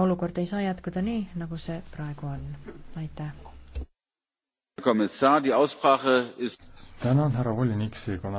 olukord ei saa jätkuda nii, nagu see praegu on. aitäh. tänan, härra volinik, seega on